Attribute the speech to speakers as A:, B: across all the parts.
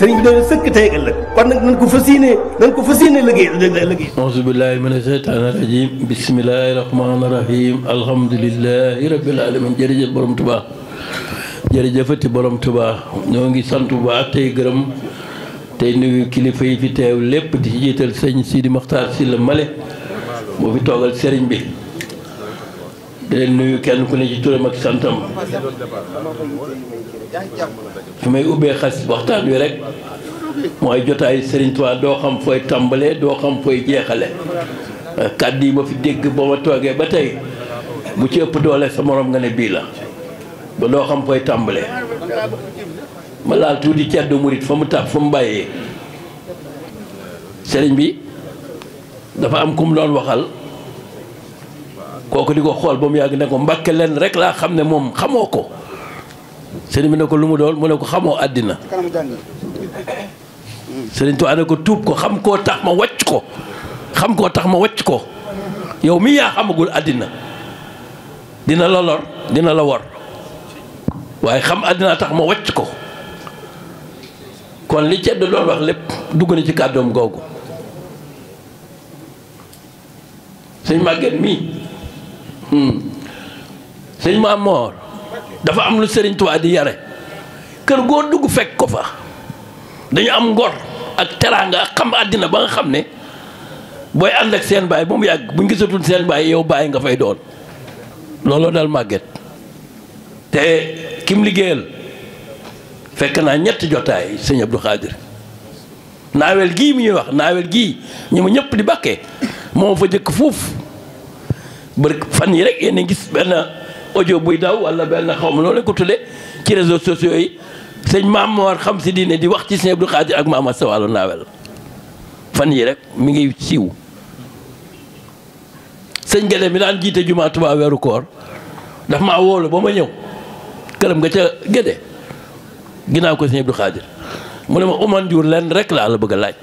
A: sëriñ bi dana sëkk tey ëllëg kon nag nañ ko fas yéene nañ ko fas yéene liggéey liggéey auzu billahi mina sheytaani rajim bismillahi rahmaani rahim alhamdulillahi rabbil alamin jërëjëf borom tubaa jërëjëfati borom tubaa ñoo ngi sant bu baax tey gërëm tey nuyu kilifa yi fi teew lépp di ci jiital sëñ Sidi Maxtaar Sylla Male moo fi toogal sëriñ bi di leen nuyu kenn ku ne ci turam ak santam su may ubbee xas waxtaan wi rek mooy jotaay Serigne Touba doo xam fooy tàmbalee doo xam fooy jeexale kàddu yi ma fi dégg ba ma toogee ba tey bu ci ëpp doole sa moroom nga ne bii la ba doo xam fooy tàmbalee ma laal tuuti ceddu murit fa mu tàpp fa mu bàyyee sëriñ bi dafa am ku mu doon waxal kooku di ko xool ba mu yàgg ne ko mbàkke leen rek laa xam ne moom xamoo ko sëriñ mu ne ko lu mu doon mu ne ko xamoo àddina sëriñ Tuubaa ne ko tuub ko xam koo tax ma wàcc ko xam koo tax ma wàcc ko yow mi yaa xamagul àddina dina la lor dina la wor waaye xam àddina tax ma wàcc ko kon li cedd doon wax lépp dugg na ci kàddoom googu sëñ màgget mii sëñ Maam Moor dafa am lu Sëriñ Tuubaa di yare kër goo dugg fekk ko fa dañu am ngor ak teraanga ak xam àddina ba nga xam ne booy ànd ak seen baay ba mu yàgg bu ñu gisatul seen baay yow baay nga fay doon looloo dal màgget te kim liggéeyal fekk naa ñetti jotaay sëñ Abdou Khadir naawel gii mu ñuy wax naawel gii ñu ma ñëpp di bàkkee moo fa jëkk foofu bari fan yi rek yéen a gis benn audio buy daw wala benn xaw ma loolu ko tuddee ci réseaux sociaux yi sëñ maam Mor xam si diine di wax ci sëñ Abdou Khadir ak maam Asta Walo Ndawel fan yi rek mi ngi siiw sëñ Gele mi daan jiite jumaa Tuubaa weeru koor daf maa wóolu ba ma ñëw këram nga ca Gédé ginnaaw ko sëñ Abdou Khadir mu ne ma Oumar Ndiour lenn rek laa la bëgg a laaj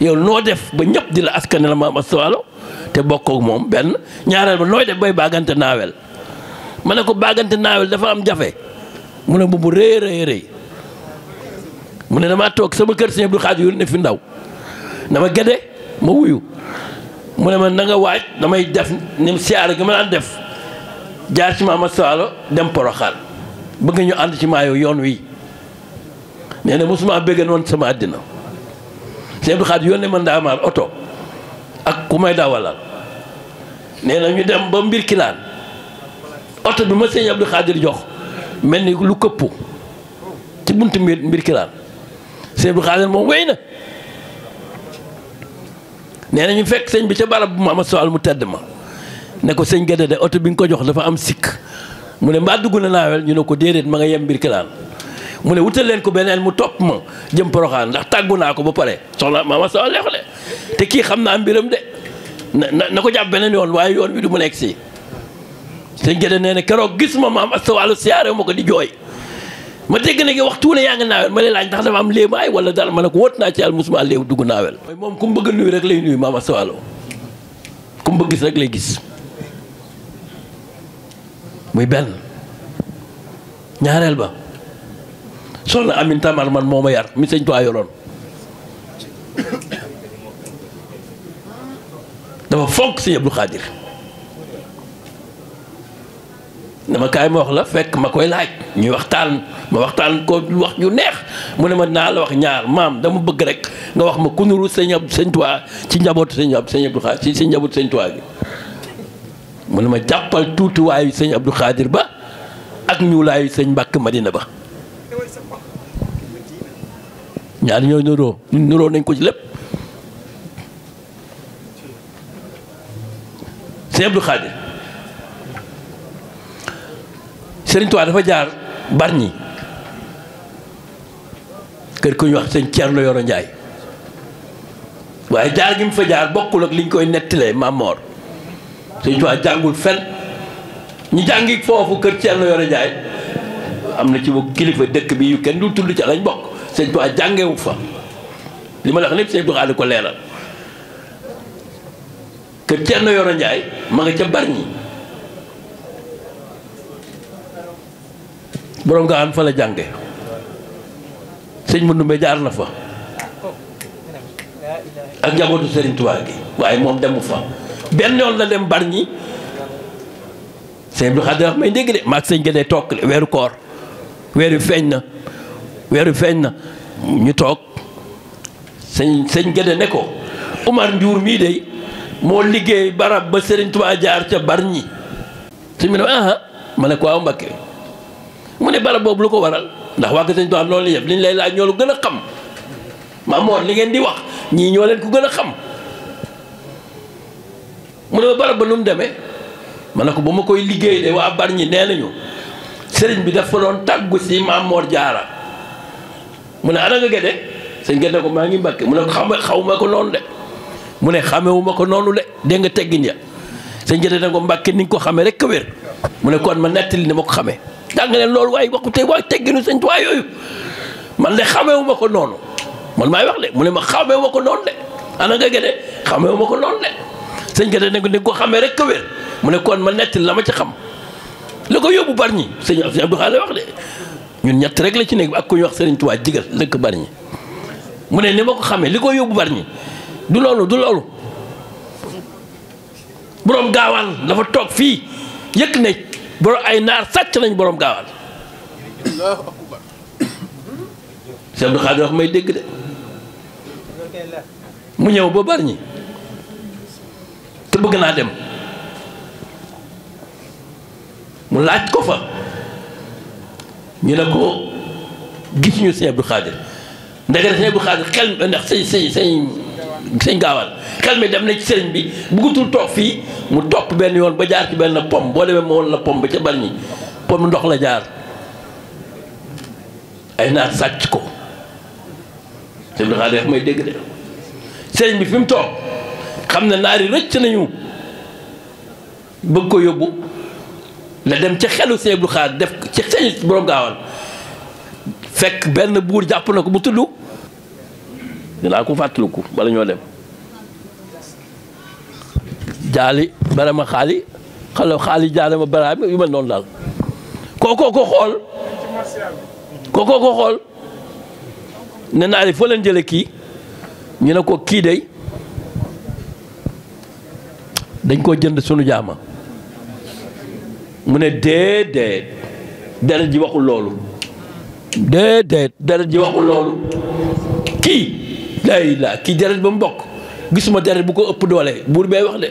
A: yow noo def ba ñëpp di la askane la maam Asta Walo te bokkook moom benn ñaareel ba nooy def bay baagante naawel ma ne ko bàggante naawel dafa am jafe mu ne mbubb rëy rëy rëy mu ne damaa toog sama kër sëñ Abdou Khadre yu ne fi ndaw dama gede ma wuyu mu ne ma nanga nga waaj damay def ni siyaara gi ma daan def jaar ci Maama Saalo dem Poroxaan bëgg ñu ànd ci maayoo yoon wi nee na mosuma bëgg noonu sama àddina sëñ Abdou Khadre yónnee ma ndaamaar oto ak ku may dawalal nee na ñu dem ba mbir kilaan oto bi ma sëñ Abdou Khadir jox mel ni lu këpp ci buntu mbir mbir kilaan sëñ Abdou Khadir moom wéy na nee na ñu fekk sëñ bi ca barab bu ma a soal mu tedd ma ne ko sëñ Gédé de oto bi nga ko jox dafa am sikk mu ne mbaa dugg na naawel ñu ne ko déedéet ma nga yem mbir kilaan mu ne wutal leen ko beneen mu topp ma jëm poroxaan ndax tàggu naa ko ba pare soxla maama soxla leexle te kii xam naa mbiram de na na ko jàpp beneen yoon waaye yoon mu nekk si sëñ Gédé nee na keroog gis ma maam Asta Waalo siyaare ma ko di jooy ma dégg ne waxtu ne yaa nga naawel ma lay laaj dafa am léemaay wala dara ma ne ko naa ci yàlla musuma léew dugg naawel. moom ku mu bëgg a nuyu rek lay nuyu maam Asta Waalo ku mu bëgg gis rek lay gis muy benn ñaareel ba soxna Amin Tamar man moo ma yar mi sëñ Tuubaa yoroon dafa fonk sëñ Abdou Khadir. dama kaay ma wax la fekk ma koy laaj ñuy waxtaan ma waxtaan ko wax ñu neex mu ne ma naa la wax ñaar maam dama bëgg rek nga wax ma ku nuru sëñ ab sëñ ci njaboot sëñ ab sëñ ci sëñ njabootu sëñ Tuubaa gi ma jàppal tuutiwaayu sëñ Abdou ba ak ñuulaayu sëñ Mbàkke Madina ba ñaar ñooy niroo nuroo nañ ko ci lépp sëñ Abdou Xaadir Sëriñ dafa jaar ñi kër ku ñu wax sëñ Thierno Yoro Ndiaye waaye jaar gi mu fa jaar bokkul ak liñ koy nettalee Mamor Sëriñ Tuubaa jàngul fen ñu jàngi foofu kër Thierno Yoro Ndiaye am na ci bu kilifa dëkk bi yu kenn du tudd ca lañ bokk Sëriñ Tuubaa jàngewu fa li ma la wax lépp Sëriñ Tuubaa di ko leeral kër Thierno Yoro Ndiaye ma nga ca Bargny boroom nga an fa la jànge sëñ mu jaar na fa ak njabootu Serigne Touba gi waaye moom demu fa benn yoon la dem Bargny sëñ Abdou Khadir wax may dégg de maag sëñ Gédé toog weeru koor weeru feeñ na weeru feeñ na ñu toog sëñ sëñ Gédé ne ko Umar Ndiour mii de moo liggéey barab ba Serigne Touba jaar ca Bargny suñu mu ne aha ma ne ko waaw mu ne barab boobu lu ko waral ndax waa Sëñ Tuubaa loolu la def li ñu lay laaj ñoo lu gën a xam maam moor li ngeen di wax ñii ñoo leen ko gën a xam mu ne ma barab ba nu mu demee ma ne ko bu ma koy liggéey de waa ñi nee nañu sëriñ bi dafa loon tàggu si maam moor jaara mu ne ana nga gede sëñ gede ko maa ngi mbàkke mu ne ko xame xaw ma ko noonu mu ne xamewu ko noonu de dégg nga teggin ya sëñ gede ne ko mbàkke xamee rek ka wér mu ne kon ma nettali ni ma ko xamee jàngaleen loolu waaye waxu tey waaye tegginu sëñ Tuubaa yooyu man de xamewuma ma ko noonu man maay wax de mu ne ma xamewu ma ko noonu de ana nga gëne xamewu ko noonu de sëñ Gede ne ni ko xamee rek ko wér mu ne kon ma netti la ma ci xam la ko yóbbu bari ñi sëñ Abdou Xaale wax de ñun ñett rek la ci nekk bi ak ku wax Sëriñ Tuubaa jigal dëkk bari ñi mu ne ni ma ko xamee li ko yóbbu bari ñi du loolu du loolu boroom gaawaan dafa toog fii yëkk ne boro ay naar sàcc nañ borom gaawal Cheikh Abdou Khadre wax may dégg de mu ñëw ba bari ñi te bëgg naa dem mu laaj ko fa ñu ne ko gis ñu Sëñ Abdou Khadre ndekete Sëñ Abdou Khadre xel ndax sëñ sëñ sëñ sëñ gaawal xel mi dem na ci sëriñ bi bëggutul toog fii mu topp benn yoon ba jaar ci benn pom boo demee ma woon la pom ba ca bal ñi pom ndox la jaar ay naat sàcc ko te lu xaar may dégg de sëriñ bi fi mu toog xam ne naari rëcc nañu bëgg ko yóbbu la dem ca xelu sëñ Abdou def ci sëñ borom gaawal fekk benn buur jàpp na ko bu tudd dinaa ko fàttaliku bala ñoo dem jaali barama xaali xala xaali jaarama baraama yu mel noonu daal kookoo ko xool kookoo ko xool ne naa li foo leen jële kii ñu ne koo kii day dañ koo jënd sunu jaama mu ne déedéet deret ji waxul loolu déedéet deret ji waxul loolu kii lay laa kii deret ba mu bokk gisuma deret bu ko ëpp doole buur bee wax de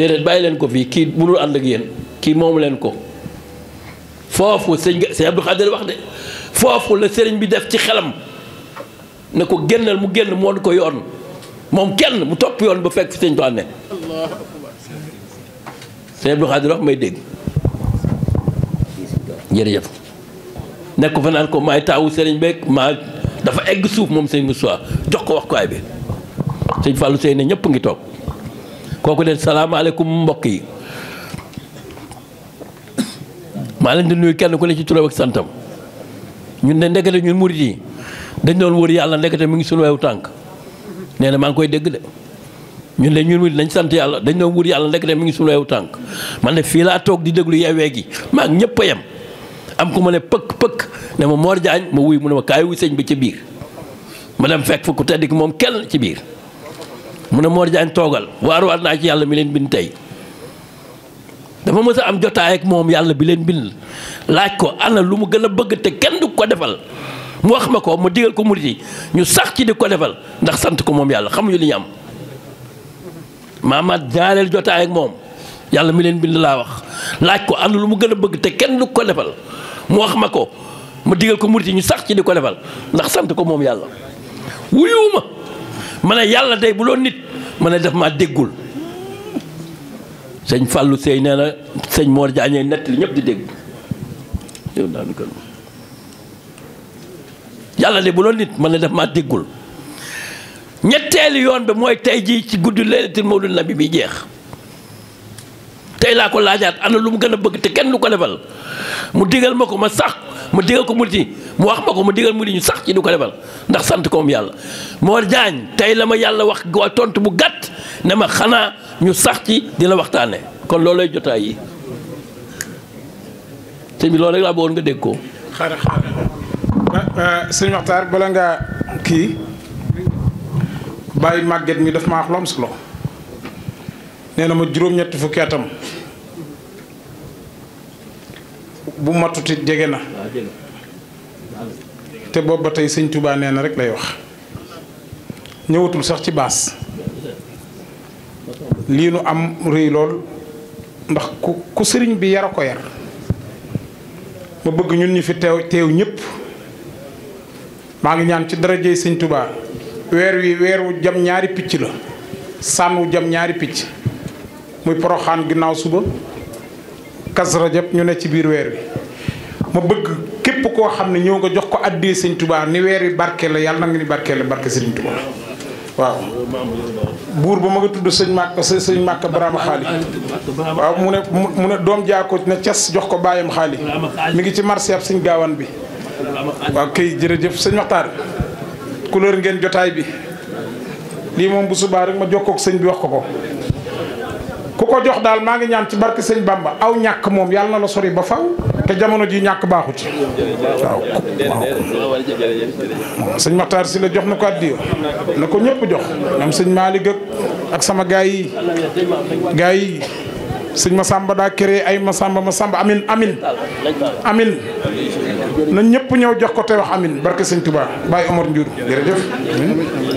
A: déedéet bàyyi leen ko fii kii mënul ànd ak yenn kii moom leen ko foofu sëñ sëñ Abdou Khadir wax de foofu la sëriñ bi def ci xelam ne ko génnal mu génn mu won ko yoon moom kenn mu topp yoon ba fekk fi sëñ Tuubaa ne sëñ Abdou Khadir may dégg jërëjëf nekk fa naan ko maay taawu sëriñ beeg maa dafa egg suuf moom sëñ Moussa jox ko wax ko ay bi sëñ Fallou Seye ne ñëpp ngi toog kooku de salaamaaleykum mbokk yi maa leen di nuyu kenn ku ne ci turam ak santam ñun de ndekete ñun murit yi dañ doon wër yàlla ndekete mu ngi suñu wewu tànk nee na maa ngi koy dégg de ñun de ñun murit sant yàlla dañ doon wër yàlla ndekete mu ngi suñu wewu tànk man de fii laa toog di déglu yeewee gi maa ngi ñëpp a yem am ku ma ne pëkk pëkk ne ma Mor Diagne ma wuy mu ne ma kaay wuy sëñ bi ci biir ma dem fekk fa ku tedd ki moom kenn ci biir mu ne moo Diagne toogal waaruwaat naa ci yàlla mi leen bind tey dafa mës a am jotaay ak moom yàlla bi leen bind laaj ko ana lu mu gën a bëgg te kenn du ko defal mu wax ma ko ma digal ko murit ñu sax ci di ko defal ndax sant ko moom yàlla xamuñu li am maamaat ñaareel jotaay ak moom yàlla mi leen bind laa wax laaj ko am na lu mu gën a bëgg te kenn du ko defal mu wax ma ko ma digal ko murit yi ñu sax ci di ko defal ndax sant ko moom yàlla wuyuma ma ne yàlla day bu loon nit ma ne daf maa déggul sëñ fàllu Sey nee na sëñ Mor Diagne nett li ñëpp di dégg yow yàlla de bu loon nit ma ne daf maa déggul ñetteelu yoon bi mooy tey jii ci guddi laylatul mawlud nabi bi jeex tey laa ko laajaat am na lu mu gën a bëgg te kenn du ko defal mu digal ma ko ma sax ma digal ko murit yi mu wax ma ko ma digal murit ñu sax ci du ko defal ndax sant koom yàlla Mor jaañ tey la ma yàlla wax waa tontu bu gàtt ne ma xanaa ñu sax ci di la waxtaane kon loolu lay jotaay yi sëñ bi loolu rek laa bëggoon ko.
B: xaaral xaaral sëñ Maxtaar bala ngaa kii bàyyi màgget mi dafa ma wax lu am nee na ma juróom-ñetti fukki atam. bu matuti jege na ah, te boobu tey sëñ Touba nee na rek lay wax ñëwatul sax ci baas lii nu am rëy lool ndax ku ku sëriñ bi yara ko yar ma bëgg ñun ñu fi teew teew ñépp maa ngi ñaan ci darajey sëñ Touba weer wi weeru jam ñaari picc la sànnu jam ñaari picc muy poroxaan ginnaaw suba kas rajab ñu ne ci biir weer wi ma bëgg képp koo xam ne ñëw nga jox ko addee sëñ Tuubaa ni weer wi barke la yàlla na nga ni barke la barke sëriñ Tuubaa waaw buur ba ma nga tudd sëñ Màkk sëñ Màkk Baraama Xaali waaw mu ne mu ne doom jaako na jox ko baayam xaali mi ngi ci marché ab sëñ gaawan bi waaw kay jërëjëf sëñ Maxtaar couleur ngeen jotaay bi lii moom bu subaa rek ma jokkook sëñ bi wax ko ko ku ko jox daal maa ngi ñaan ci barke sëñ Bamba aw ñàkk moom yàlla na la sori ba faw te jamono ji ñàkk baaxu ci waaw waaw sëñ Maxtaar si la jox na ko addiya na ko ñëpp jox ñoom sëñ Malick ak sama gaay yi gaay yi sëñ Masamba daa créé ay Masamba Masamba amin amin amin na ñëpp ñëw jox ko te wax amin barke sëñ Touba Baye Omar Ndiour jërëjëf